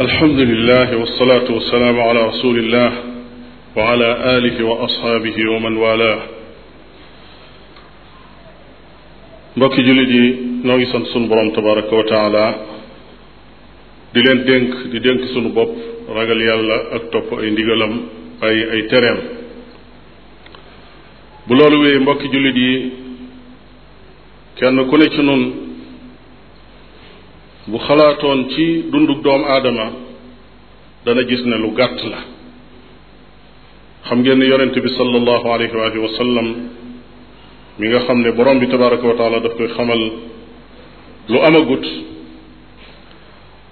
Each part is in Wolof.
alhamdulilah wasalaatu wasalaamu ala rasulillah wa ala alihi wa ashaabihi wa man wala mbokki jullit yi noo ngi sant sunu borom tabaraka wa taala di leen dénk di dénk sunu bopp ragal yàlla ak topp ay ndigalam ay ay tereem bu loolu wéyee mbokki jullit yi kenn ku ne ci nun bu xalaatoon ci dunduk doomu aadama dana gis ne lu gàtt la xam ngeen ne yonent bi sallallahu alayhi wa sallam mi nga xam ne borom bi tabaraka wa taala daf koy xamal lu amagut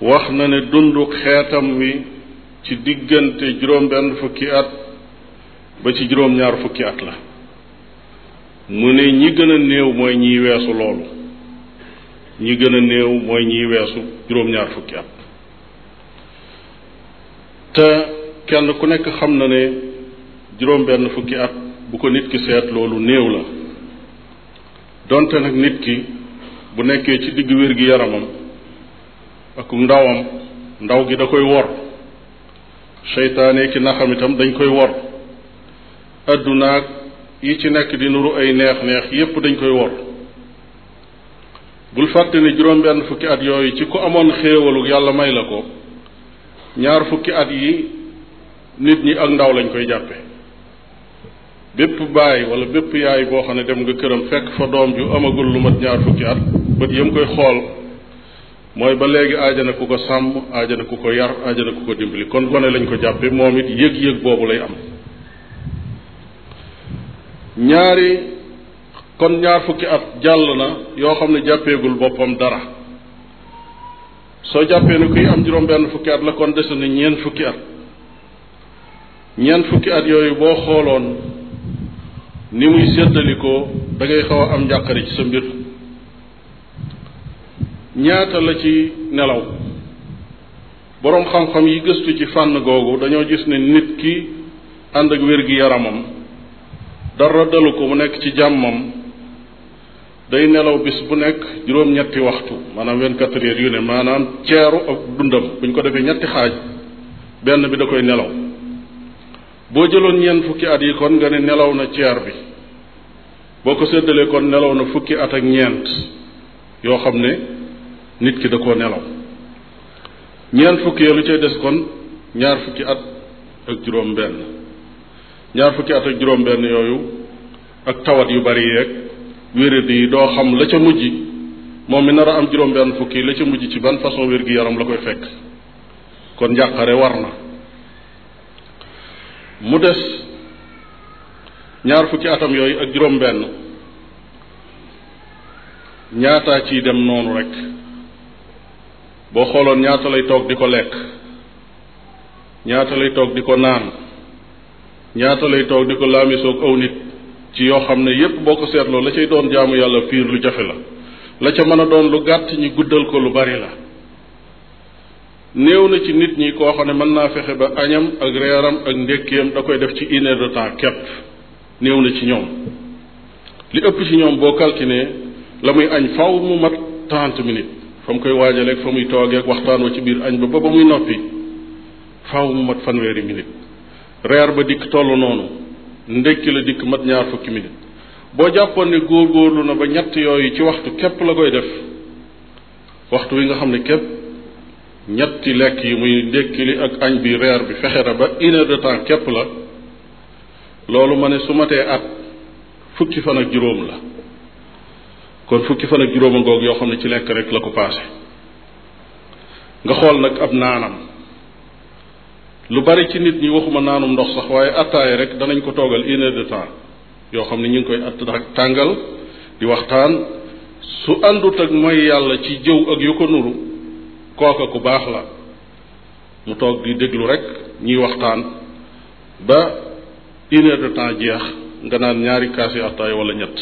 wax na ne dunduk xeetam wi ci diggante juróom benn fukki at ba ci juróom ñaar fukki at la mu ne ñi gëna a néew mooy ñiy weesu loolu ñi gën a néew mooy ñiy weesu juróom-ñaar fukki at te kenn ku nekk xam na ne juróom-benn fukki at bu ko nit ki seet loolu néew la donte nag nit ki bu nekkee ci diggu wér gi yaramam ak ndawam ndaw gi da koy wor seytaane ki naxam itam dañ koy wor addunaag yi ci nekk di nuru ay neex neex yépp dañ koy wor bul fàtte ne juróom-benn fukki at yooyu ci ku amoon xéewalu yàlla may la ko ñaar fukki at yi nit ñi ak ndaw lañ koy jàppe bépp baay wala bépp yaay boo xam ne dem nga këram fekk fa doom ju amagul lu mat ñaar fukki at bët yam koy xool mooy ba léegi aajana ku ko sàmm aajana ku ko yar aajana ku ko dimbali kon gone lañ ko jàppe moom it yëg-yëg boobu lay am ñaari kon ñaar fukki at jàll na yoo xam ne jàppeegul boppam dara soo jàppee ni kuy am juróom benn fukki at la kon des na ñeent fukki at ñeent fukki at yooyu boo xooloon ni muy séddalikoo da ngay xaw a am njàqare ci sa mbir ñaata la ci nelaw boroom xam-xam yi gëstu ci fànn googu dañoo gis ne nit ki ànd ak wér gi yaramam dara dalu ko mu nekk ci jàmmam day nelaw bis bu nekk juróom-ñetti waxtu maanaam vingt-quatre heures yu ne maanaam ceeru ak dundam buñ ko defee ñetti xaaj benn bi da koy nelaw boo jëloon ñeent fukki at yi kon nga ne nelaw na ceer bi boo ko séddalee kon nelaw na fukki at ak ñeent yoo xam ne nit ki da koo nelaw ñeent fukki lu cay des kon ñaar at ak juróom benn ñaar fukki at ak juróom benn yooyu ak tawat yu bari yeeg wéradi yi doo xam la ca mujj moom mi nar a am juróom-benn fukki la ca mujj ci ban façon wér gi yaram la koy fekk kon njàqare war na mu des ñaar fukki atam yooyu ak juróom-benn ñaataa ciy dem noonu rek boo xooloon ñaata lay toog di ko lekk ñaata lay toog di ko naan ñaata lay toog di ko laamisoog aw nit ci yoo xam ne yépp boo ko seetloo la cay doon jaamu yàlla fiir lu jafe la la ca mën a doon lu gàtt ñi guddal ko lu bari la néew na ci nit ñi koo xam ne mën naa fexe ba añam ak reeram ak ndékkiyam da koy def ci une heure de temps képp néew na ci ñoom li ëpp ci ñoom boo calculé la muy añ faw mu mat trente minutes fa koy koy waajaleeg fa muy toogeeg waxtaan wa ci biir añ ba ba ba muy noppi faw mu mat fanweeri minutes reer ba dikk tollu noonu ndekki la dikk mat ñaar fukki minit boo jàppoon ne góorlu na ba ñett yooyu ci waxtu képp la koy def waxtu wi nga xam ne képp ñetti lekk yi muy ndekki li ak añ bi reer bi fexe na ba une de temps képp la loolu ma ne su matee at fukki fan ak juróom la kon fukki fan ak juróom a ngoog yoo xam ne ci lekk rek la ko paase nga xool nag ab naanam lu bari ci nit ñi waxuma naanum ndox sax waaye attaaya rek danañ ko toogal une de temps yoo xam ne ñu ngi koy att tàngal di waxtaan su àndut ak moy yàlla ci jëw ak yu ko nuru kooka ku baax la mu toog di déglu rek ñuy waxtaan ba une heure de temps jeex nga naan ñaari kaasi attaaya wala ñett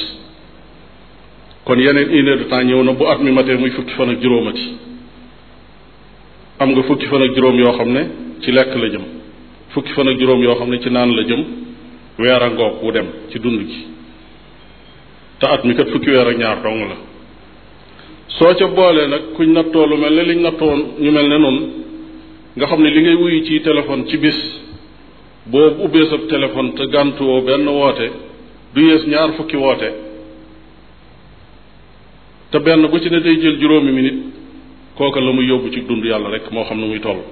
kon yeneen une heure de temps ñëw na bu at mi matee muy fukki fan ak juróomati am nga fukki fan ak juróom yoo xam ne ci lekk la jëm fukki fan ak juróom yoo xam ne ci naan la jëm weer a ngoog wu dem ci dund gi te at mi kat fukki weer ñaar dong la soo ca boolee nag kuñ nattoo lu mel ne liñ nattoon ñu mel ne noonu nga xam ne li ngay wuyu ci téléphone ci bis boo ubbee sa téléphone te gàntuwoo benn woote du yées ñaar fukki woote te benn bu ci ne day jël juróomi minute kooka la muy yóbbu ci dund yàlla rekk moo xam ne muy toll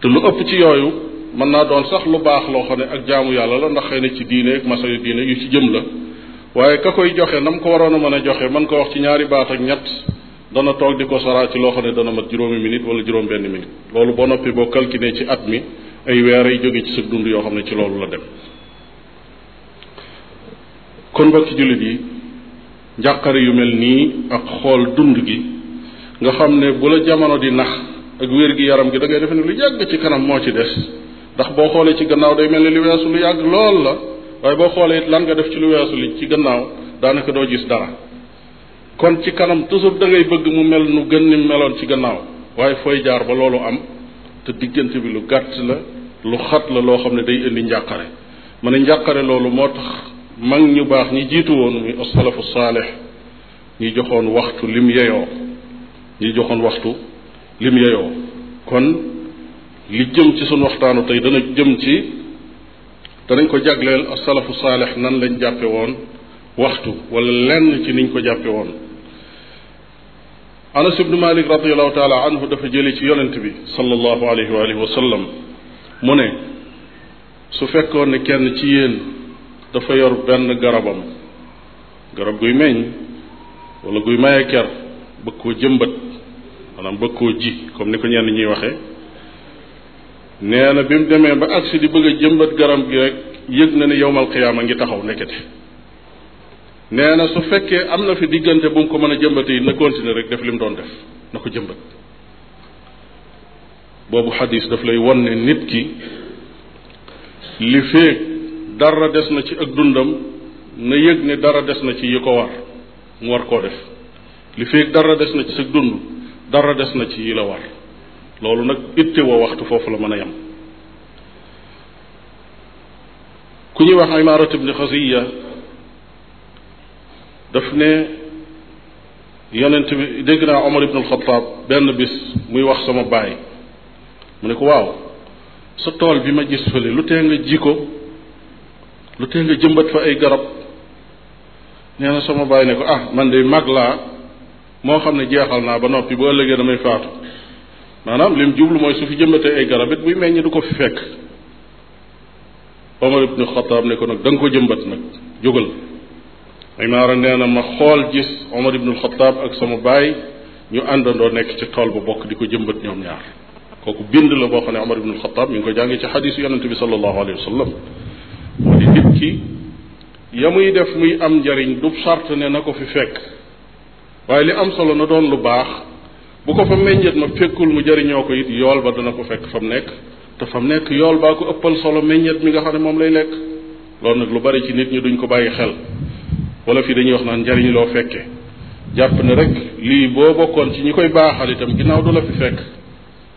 te lu ëpp ci yooyu mën naa doon sax lu baax loo xam ne ak jaamu yàlla la ndax xëy na ci diine ak masa yu diine yu ci jëm la waaye ka koy joxe nam ko waroon a mën a joxe mën ko wax ci ñaari baat ak ñett dana toog di ko saraa ci loo ne dana mat juróomi minute wala juróom benn minute loolu boo noppi boo calculé ci at mi ay weer ay jóge ci sa dund yoo xam ne ci loolu la dem kon mbokki jullit yi njàqare yu mel nii ak xool dund gi nga xam ne bu la jamono di nax ak wér gi yaram gi da ngay defe ne lu yàgg ci kanam moo ci des ndax boo xoolee ci gannaaw day mel ni lu weesu lu yàgg lool la waaye boo xoolee it lan nga def ci lu weesu li ci gannaaw daanaka doo gis dara kon ci kanam toujours da ngay bëgg mu mel nu gën ni meloon ci gannaaw waaye fooy jaar ba loolu am te diggante bi lu gàtt la lu xat la loo xam ne day indi njàqare ma ne njàqare loolu moo tax mag ñu baax ñi jiitu woon muy asalafu saalix ñi joxoon waxtu lim yeyoo ñi joxoon waxtu lim yeyoo kon li jëm ci suñu waxtaanu tey dana jëm ci danañ ko jagleel asalafu saalex nan lañ jàppe woon waxtu wala lenn ci niñ ko jàppe woon anas ibnu malik radiallahu taala anhu dafa jële ci yonent bi sallallahu alayhi wa alihi wa sallam mu ne su fekkoon ne kenn ci yéen dafa yor benn garabam garab guy meññ wala guy maye ker bëgg koo jëmbat maanaam bëgg koo ji comme ni ko ñenn ñuy waxe nee na bi mu demee ba agsi di bëgg a jëmbat garab gi rek yëg na ne yowmal a ngi taxaw nekkete nee na su fekkee am na fi diggante bu mu ko mën a jëmbate yi na continuer rek def li doon def na ko jëmbat boobu xadis daf lay won ne nit ki li feeg dara des na ci ak dundam na yëg ne dara des na ci yi ko war mu war koo def li feeg dara des na ci sa dund dara des na ci yi la war loolu nag itte woo waxtu foofu la mën a yem ku ñuy wax imaarat ibni xasiya daf ne yonent bi dégg naa omar ibn alxataab benn bis muy wax sama baay mu ne ko waaw sa tool bi ma gis fële lu tee nga ji ko lu tee nga jëmbat fa ay garab nee na sama baay ne ko ah man de mag laa moo xam ne jeexal naa ba noppi bu ëllëgee damay faatu maanaam lim jublu mooy su fi jëmbatee ay garab it buy meññ du ko fi fekk Omar ibnu Xataab ne ko nag danga ko jëmbat nag jógal Imaara nee na ma xool gis Omar ibnu Xataab ak sama baay ñu àndandoo nekk ci tool bu bokk di ko jëmbat ñoom ñaar kooku bind la boo xam ne Omar ibnu Xataab mi ngi ko jàngee ci xadiisu yonente bi sallallahu alayhi wa sallam nit ki ya muy def muy am njariñ du sart na ko fi fekk waaye li am solo na doon lu baax bu ko fa meññeet ma fekkul mu jariñoo ko it yool ba dana ko fekk fa mu nekk te fa mu nekk yool baa ko ëppal solo meññeet mi nga xam ne moom lay lekk loolu nag lu bari ci nit ñi duñ ko bàyyi xel wala fii dañuy wax naan njariñ loo fekke jàpp na rek lii boo bokkoon ci ñi koy baaxal itam ginnaaw du la fi fekk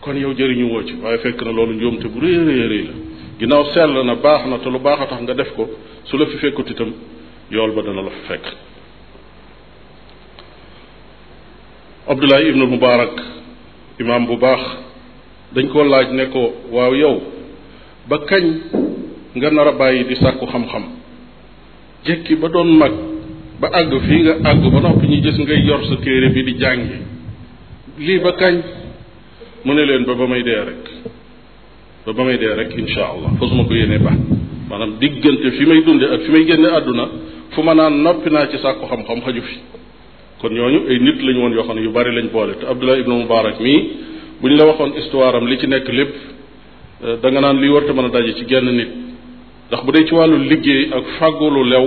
kon yow jëriñu woo ci waaye fekk na loolu njuumte bu rëy rëy rëy la ginnaaw sell na baax na te lu baax a tax nga def ko su la fi fekkut itam yool ba dana la fekk Abdullah ibnul Mubaarak imaam bu baax dañ ko laaj ne ko waaw yow ba kañ nga nar a bàyyi di sàkku xam-xam jekki ba doon mag ba àgg fii nga àgg ba noppi ñu gis ngay yor sa téere bi di jàngi lii ba kañ mu ne leen ba ba may dee rek ba ba may dee rek insha allah fasuma ko yéene ba maanaam diggante fi may dunde ak fi may génne àdduna fu ma naan noppi naa ci sàkku xam-xam xaju fi kon ñooñu ay nit lañ woon yoo xam ne yu bari lañ boole te Abdullah ibnu Mubarak mii bu ñu la waxoon histoire am li ci nekk lépp euh, danga naan liy warte mën a daje ci genn nit ndax bu dee ci wàllu liggéey ak fàggulu lew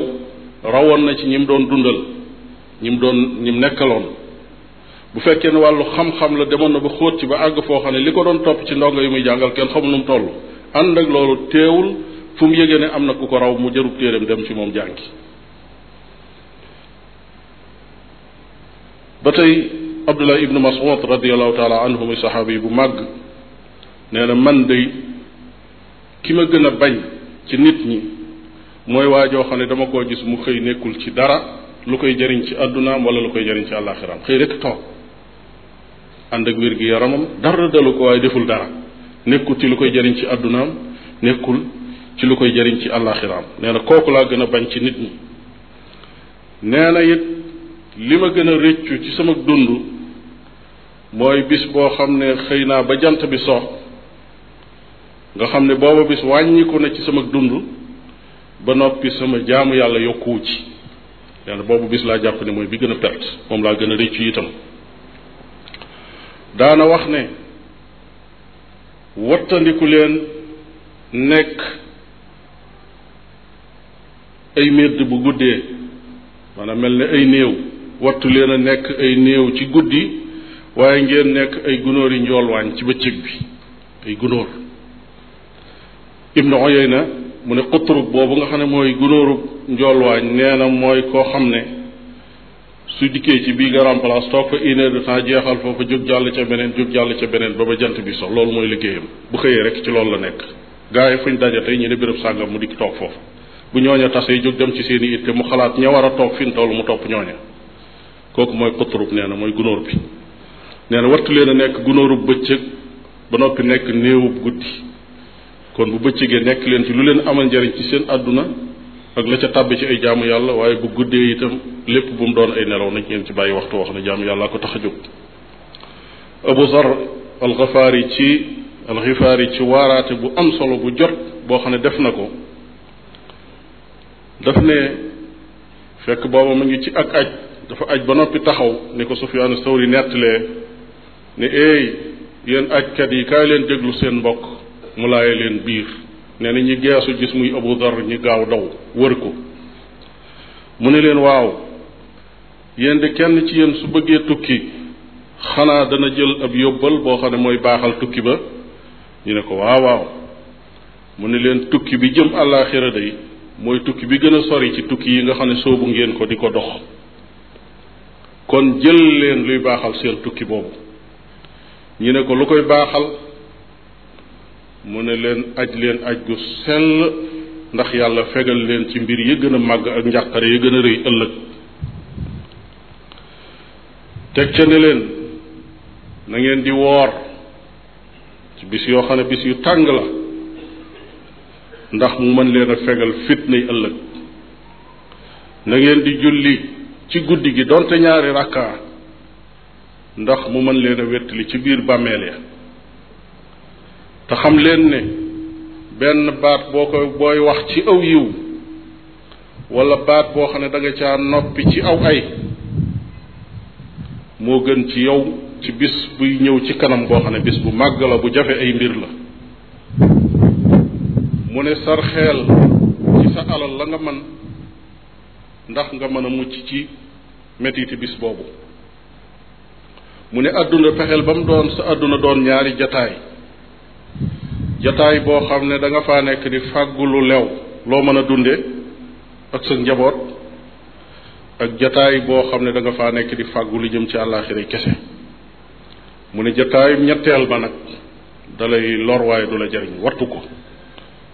rawoon na ci ñim doon dundal ñim doon ñim nekkaloon bu fekkee ne wàllu xam-xam la demoon na ba xóot ci ba àgg foo xam ne li ko doon topp ci ndongo yi muy jàngal kenn xamul nu mu toll ànd ak loolu teewul fu mu yëgee ne am na ku ko raw mu jërub téereem dem ci moom jàngi ba tey abdullah ibnu mas'ud radiallahu taala anhu muy yi bu màgg nee na man day ki ma gën a bañ ci nit ñi mooy waa joo xam ne dama koo gis mu xëy nekkul ci dara lu koy jariñ ci àddunaam wala lu koy jariñ ci àllaaxiraam xëy rek toog ànd ak wér gi yaramam dalu ko waaye deful nekkul ci lu koy jariñ ci àddunaam nekkul ci lu koy jariñ ci àllaaxiraam nee na kooku laa gën a bañ ci nit ñi nee na it li ma gën a rëccu ci sama dund mooy bis boo xam ne xëy naa ba jant bi so nga xam ne booba bis wàññiku na ci sama dund ba noppi sama jaamu yàlla yokkuwu ci yàlla boobu bis laa jàpp ne mooy bi gën a perte moom laa gën a rëccu itam daana wax ne wattandiku leen nekk ay médd bu guddee maanaam mel ne ay néew wattu leen a nekk ay néew ci guddi waaye ngeen nekk ay gunóor yi njoolwaañ ci bëccëg bi ay gunóor Ibnu Uyayna mu ne xuturub boobu nga xam ne mooy gunóorub njoolwaañ nee na mooy koo xam ne su dikkee ci bii grand place toog fa une heure de jeexal foofa jóg jàll ca beneen jóg jàll ca beneen ba ba jant bi sox loolu mooy liggéeyam bu xëyee rek ci loolu la nekk gars yi fuñ daje tey ñu ne béréb sàngam mu dikk toog foofu bu ñooña tasee jóg dem ci seen i itte mu xalaat ña war a toog fi mu toll mu topp ñooña kooku mooy xuturub nee na mooy gunóor bi nee na wattu leen a nekk gunóorub bëccëg ba noppi nekk néewub guddi kon bu bëccëgee nekk leen ci lu leen amal njariñ ci seen àdduna ak la ca tàbbi ci ay jaamu yàlla waaye bu guddee itam lépp bu mu doon ay nelaw nañ ngeen ci bàyyi waxtu wax ne jaamu yàlla ko tax a jóg Abu Zar alxafaari ci alxifaari ci waaraate bu am solo bu jot boo xam ne def na ko daf ne fekk booba mu ngi ci ak aj dafa aj ba noppi taxaw ni ko Sufyaan Sawri nettalee ne eey yéen ajkat yi kaay leen déglu seen mbokk mu laaye leen biir nee nañu ñi geesu gis muy Abu Dar ñi gaaw daw wër ko mu ne leen waaw yéen de kenn ci yéen su bëggee tukki xanaa dana jël ab yóbbal boo xam ne mooy baaxal tukki ba ñu ne ko waaw waaw mu ne leen tukki bi jëm àllaaxira day mooy tukki bi gën a sori ci tukki yi nga xam ne soobu ngeen ko di ko dox kon jël leen luy baaxal seen tukki boobu ñu ne ko lu koy baaxal mu ne leen aj leen aj gu sell ndax yàlla fegal leen ci mbir yi gën a màgg ak njàqare yi gën a rëy ëllëg teg ca ne leen nangeen di woor ci bis yoo xam ne bis yu tàng la ndax mu mën leen a fegal fitna yi ëllëg na di julli ci guddi gi donte ñaari rakka ndax mu mën leen a wéttali ci biir bàmmeel ya te leen ne benn baat boo ko booy wax ci aw yiw wala baat boo xam ne danga nga noppi ci aw ay moo gën ci yow ci bis buy ñëw ci kanam boo xam ne bis bu màgg la bu jafe ay mbir la mu ne sarxeel ci sa alal la nga mën ndax nga mën a mucc ci metiti bis boobu mu ne àdduna pexeel ba mu doon sa àdduna doon ñaari jataay jataay boo xam ne danga fa nekk di fàggu lu lew loo mën a dunde ak sa njaboot ak jataay boo xam ne danga fa nekk di fàggu lu jëm ci àllaaxira kese mu ne jataay ñetteel ba nag dalay lor waaye du la jariñ wattu ko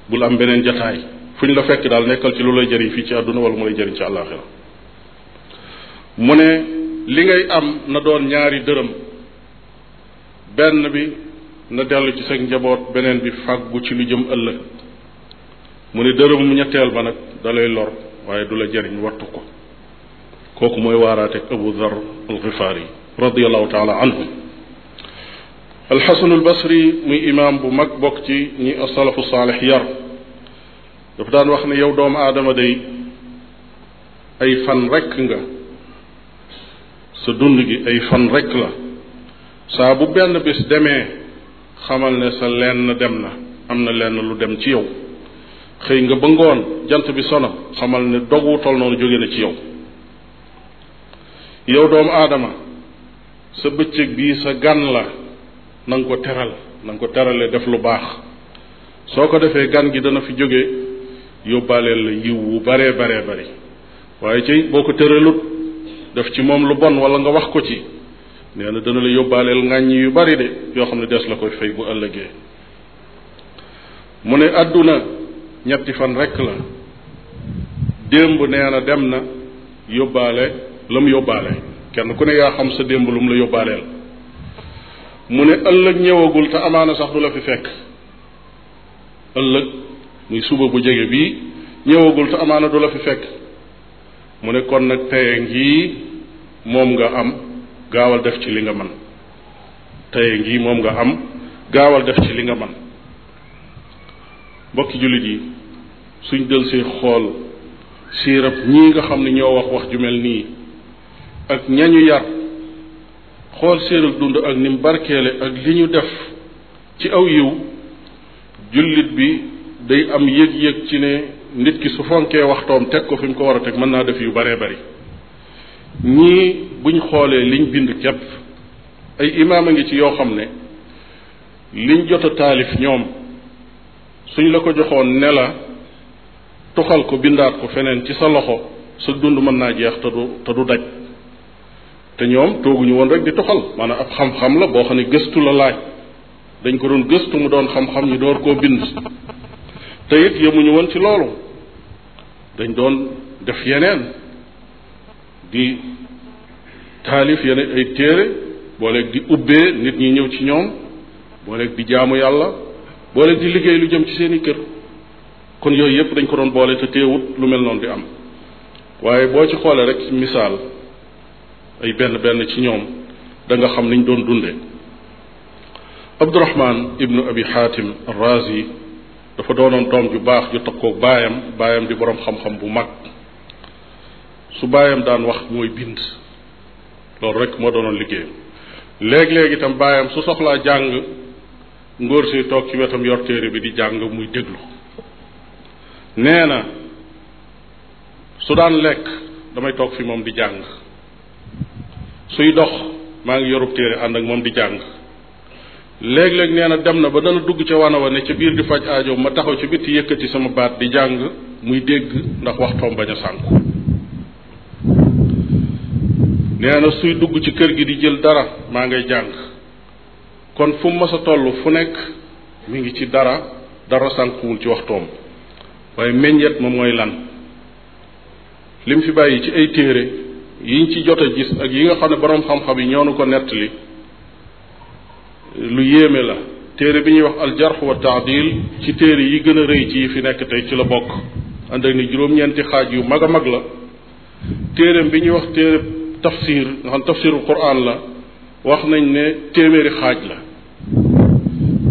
bul am beneen jataay fu ñu la fekk daal nekkal ci lu lay jëriñ fii ci àdduna wala mu lay jëriñ ci àllaaxira mu ne li ngay am na doon ñaari dërëm benn bi na dellu ci sa njaboot beneen bi fàggu ci lu jëm ëllëg mu ne dërëm ñetteel ba nag dalay lor waaye du la jëriñ wattu ko kooku mooy waaraateeg Abu Dhar al-Ghifari yi radiallahu taala anhum alxasanul basri muy imaam bu mag bokk ci ñi asalafu saalix yar dafa daan wax ne yow doomu aadama day ay fan rekk nga sa dund gi ay fan rekk la saa bu benn bis demee xamal ne sa lenn dem na am na lenn lu dem ci yow xëy nga ba ngoon jant bi sono xamal ne dogu tol noonu jóge na ci yow yow doomu aadama sa bëccëg bii sa gan la na ko teral nanga ko terale def lu baax soo ko defee gan gi dana fi jóge yóbbaaleel la yiw wu bare baree bari waaye ci boo ko tëralut def ci moom lu bon wala nga wax ko ci nee na dana la yóbbaaleel ngàññ yu bari de yoo xam ne des la koy fay bu ëllëgee mu ne àdduna ñetti fan rekk la démb nee dem na yóbbaale la mu yóbbaale kenn ku ne yaa xam sa démb lu mu la yóbbaaleel mu ne ëllëg ñëwagul te amaana sax du la fi fekk ëllëg muy suba bu jege bii ñëwagul te amaana du la fi fekk mu ne kon nag teye ngii moom nga am gaawal def ci li nga man teye ngii moom nga am gaawal def ci li nga man mbokki jullit yi suñ del see xool siirab ñii nga xam ne ñoo wax wax ju mel nii ak ñañu yar xool séeral dund ak ni barkeele ak li ñu def ci aw yiw jullit bi day am yëg yéeg ci ne nit ki su fonkee waxtoom teg ko fi mu ko war a teg mën naa def yu baree bari ñii buñ xoolee liñ bind képp ay imaam a ngi ci yoo xam ne liñ jot a taalif ñoom suñ la ko joxoon ne la tuxal ko bindaat ko feneen ci sa loxo sa dund mën naa jeex te du daj te ñoom tooguñu woon rek di tuxal maanaam ab xam-xam la boo xam ne gëstu la laaj dañ ko doon gëstu mu doon xam-xam ñu door koo bind te it yemuñu woon ci loolu dañ doon def yeneen di taalif yeneen ay téere booleeg di ubbee nit ñi ñëw ci ñoom booleeg di jaamu yàlla booleeg di liggéey lu jëm ci seeni kër kon yooyu yëpp dañ ko doon boole te teewut lu mel noonu di am waaye boo ci xoolee rek misaal ay benn benn ci ñoom danga xam niñ doon dunde Abdurahman ibnu abi Xaatim Arrazi dafa doonoon doom ju baax ju takkoog baayam baayam di boroom xam-xam bu mag su baayam daan wax mooy bind loolu rek moo doonoon liggéeyam léegi léeg itam baayam su soxlaa jàng ngóor si toog ci wetam yor téere bi di jàng muy déglu nee na su daan lekk damay toog fi moom di jàng suy dox maa ngi yorub téere ànd ak moom di jàng léeg-léeg nee na dem na ba dana dugg ca wana wa ne ca biir di faj aajo ma taxaw ci bitti yëkkati sama baat di jàng muy dégg ndax waxtoom bañ a sànku nee na suy dugg ci kër gi di jël dara maa ngiy jàng kon fu mu mas a toll fu nekk mu ngi ci dara dara sànkuwul ci waxtoom waaye meññeet ma mooy lan lim fi bàyyi ci ay téere yiñ ci jot a gis ak yi nga xam ne boroom xam-xam yi ñoo nu ko nettali lu yéeme la téere bi ñuy wax aljarx wa taadil ci téere yi gën a rëy ci yi fi nekk tey ci la bokk ànd ak ni juróom-ñeenti xaaj yu mag a mag la téereem bi ñuy wax téere tafsir nga xam tafsirul quran la wax nañ ne téeméeri xaaj la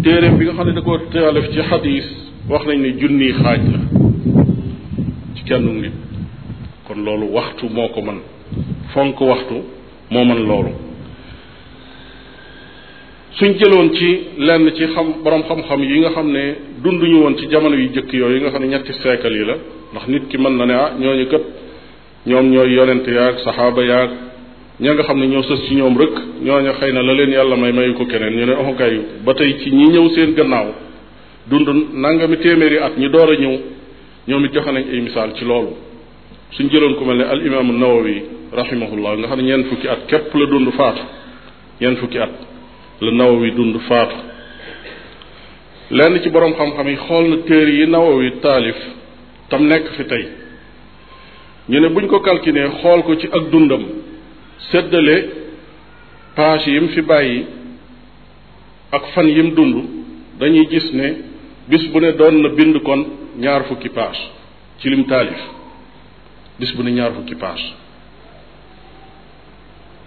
téereem bi nga xam ne da koo taalif ci xadis wax nañ ne junni xaaj la ci kenn nit kon loolu waxtu moo ko mën fonk waxtu moo mën loolu suñ jëloon ci lenn ci xam borom xam-xam yi nga xam ne dunduñu woon ci jamono yu jëkk yooyu nga xam ne ñetti siècle yi la ndax nit ki mën na ne ah ñooñu kat ñoom ñooy yonent yaag saxaaba yaag ña nga xam ne ñoo sës ci ñoom rek ñooñu xëy na la leen yàlla may mayu ko keneen ñu ne oxokay oh, ba tey ci ñi ñëw seen gannaaw dund nangami téeméeri at ñi door a ñëw ñoom it joxe nañ ay misaal ci loolu suñ jëloon ku mel ne al imaamu nawawi rahimahullah nga xam ne ñeent fukki at képp la dund faatu ñeent fukki at la wi dund faatu lenn ci boroom xam-xam yi xool na téere yi Nawawi taalif tam nekk fi tey ñu ne buñ ko calculé xool ko ci ak dundam séddale page yim fi bàyyi ak fan yim dund dañuy gis ne bis bu ne doon na bind kon ñaar fukki page ci lim taalif bis bu ne ñaar fukki page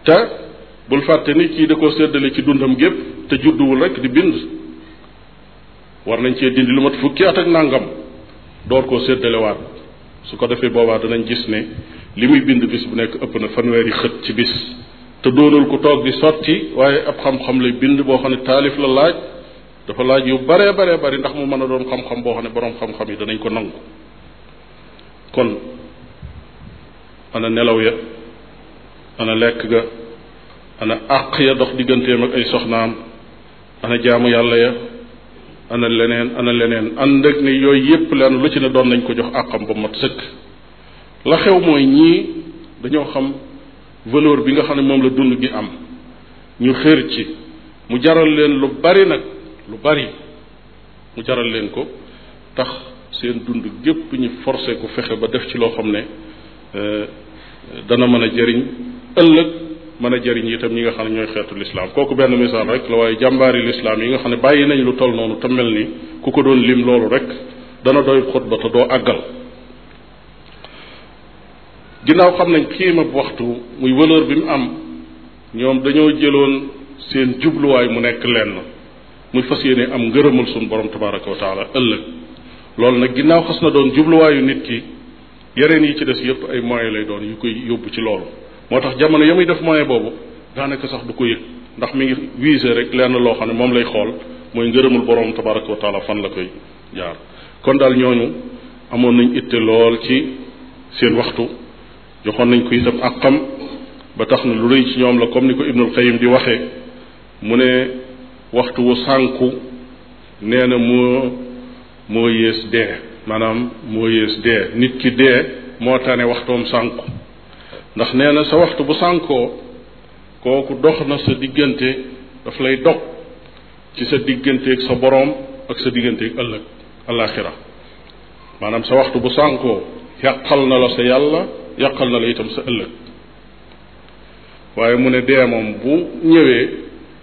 te bul fàtte nit kii da koo séddale ci dundam gépp te judduwul rek di bind war nañ cee dindi lu mat fukki at ak nàngam door koo séddalewaat su ko defee boobaa danañ gis ne li muy bind bis bu nekk ëpp na fanweeri xët ci bis te doonul ku toog di sotti waaye ab xam-xam lay bind boo xam ne taalif la laaj dafa laaj yu baree baree bari ndax mu mën a doon xam-xam boo xam ne boroom xam-xam yi danañ ko nangu kon ana nelaw ya ana lekk ga ana àq ya dox digganteem ak ay soxnaam ana jaamu yàlla ya ana leneen ana leneen ànd ak ne yooyu yépp leen lu ci ne doon nañ ko jox àqam ba mat sëkk la xew mooy ñii dañoo xam valeur bi nga xam ne moom la dund gi am ñu xër ci mu jaral leen lu bari nag lu bari mu jaral leen ko tax seen dund gépp ñu forcé ko fexe ba def ci loo xam ne euh, dana mën a jëriñ ëllëg mën a jëriñ itam ñi nga xam ne ñooy xeetu lislaam kooku benn misaal rek la waaye jàmbaari lislaam yi nga xam ne bàyyi nañ lu toll noonu te mel ni ku ko doon lim loolu rek dana doy xutba te doo àggal ginnaaw xam nañ kiima waxtu muy valeur bi mu am ñoom dañoo jëloon seen jubluwaay mu nekk lenn muy fas yéene am ngërëmal suñu borom tabaraka wa ëllëg loolu nag ginnaaw xas na doon jubluwaayu nit ki yeneen yi ci des yëpp ay moyens lay doon yu koy yóbbu ci loolu moo tax jamono ya muy def moyen boobu daanaka sax du ko yëg ndax mi ngi visé rek lenn loo xam ne moom lay xool mooy ngërëmul borom tabaraka wa taala fan la koy jaar kon daal ñooñu amoon nañu itte lool ci seen waxtu joxoon nañ ko itam ak xam ba tax na lu rëy ci ñoom la comme ni ko ibnul Qayyim di waxee mu ne waxtu wu sànku nee na moo moo yées dee maanaam moo yées dee nit ki dee moo tane waxtoom sànku ndax nee na sa waxtu bu sànkoo kooku dox na sa diggante daf lay dog ci sa digganteeg sa boroom ak sa digganteeg ëllëg alaxira maanaam sa waxtu bu sànkoo yàqal na la sa yàlla yàqal na la itam sa ëllëg waaye mu ne dee moom bu ñëwee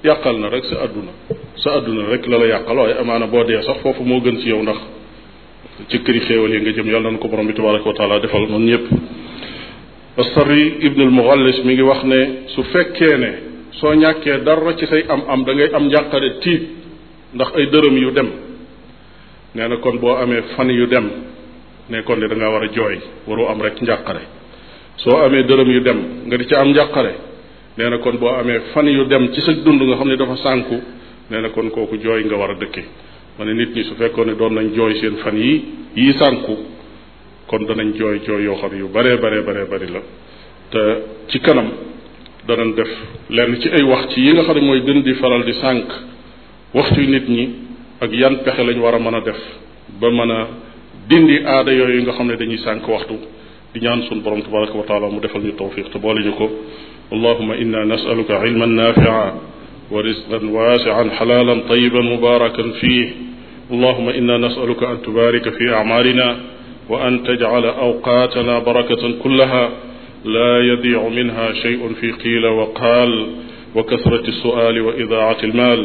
yàqal na rek sa àdduna sa àdduna rek la la yàqal waaye amaana boo dee sax foofu moo gën ci yow ndax ci këri xéewal yi nga jëm yàlla na ko borom bi tabaraka wa taala defal noonu ñëpp Asari ibnul Mughallis mi ngi wax ne su fekkee ne soo ñàkkee dara ci say am-am dangay am njàqare tiit ndax ay dërëm yu dem nee na kon boo amee fan yu dem ne kon de da war a jooy waroo am rek njàqare soo amee dërëm yu dem nga di ci am njàqare nee na kon boo amee fan yu dem ci sa dund nga xam ne dafa sànku nee na kon kooku jooy nga war a dëkke ma ne nit ñi su fekkoon ne doon nañ jooy seen fan yi yii sànku kon danañ jooy jooy yoo xam yu baree bare baree bari la te ci kanam danañ def lenn ci ay wax ci yi nga xam ne mooy gën di faral di sànq waxtu nit ñi ak yan pexe lañ war a mën a def ba mën a dindi yooy yi nga xam ne dañuy sànq waxtu di ñaan sun borom tabaraka wa taala mu defal ñu tawfiq te boole ñu ko allahuma inna nasaluka ilman nafia wa rizqan wasian xalalan tayiban mubarakan fih allahuma inna nasaluka an tubarika fi amalina wa an tajcala awqaatana barakatan kullaha laa yadiicu minha shayun fi qiila wa qaal wa kasrati su'aali wa idaacati almaal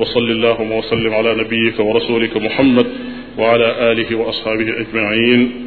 wa salli allahuma wa sallim ala nabiyika wa rasulika muhammad wa ala alihi wa ashaabihi ajmaciin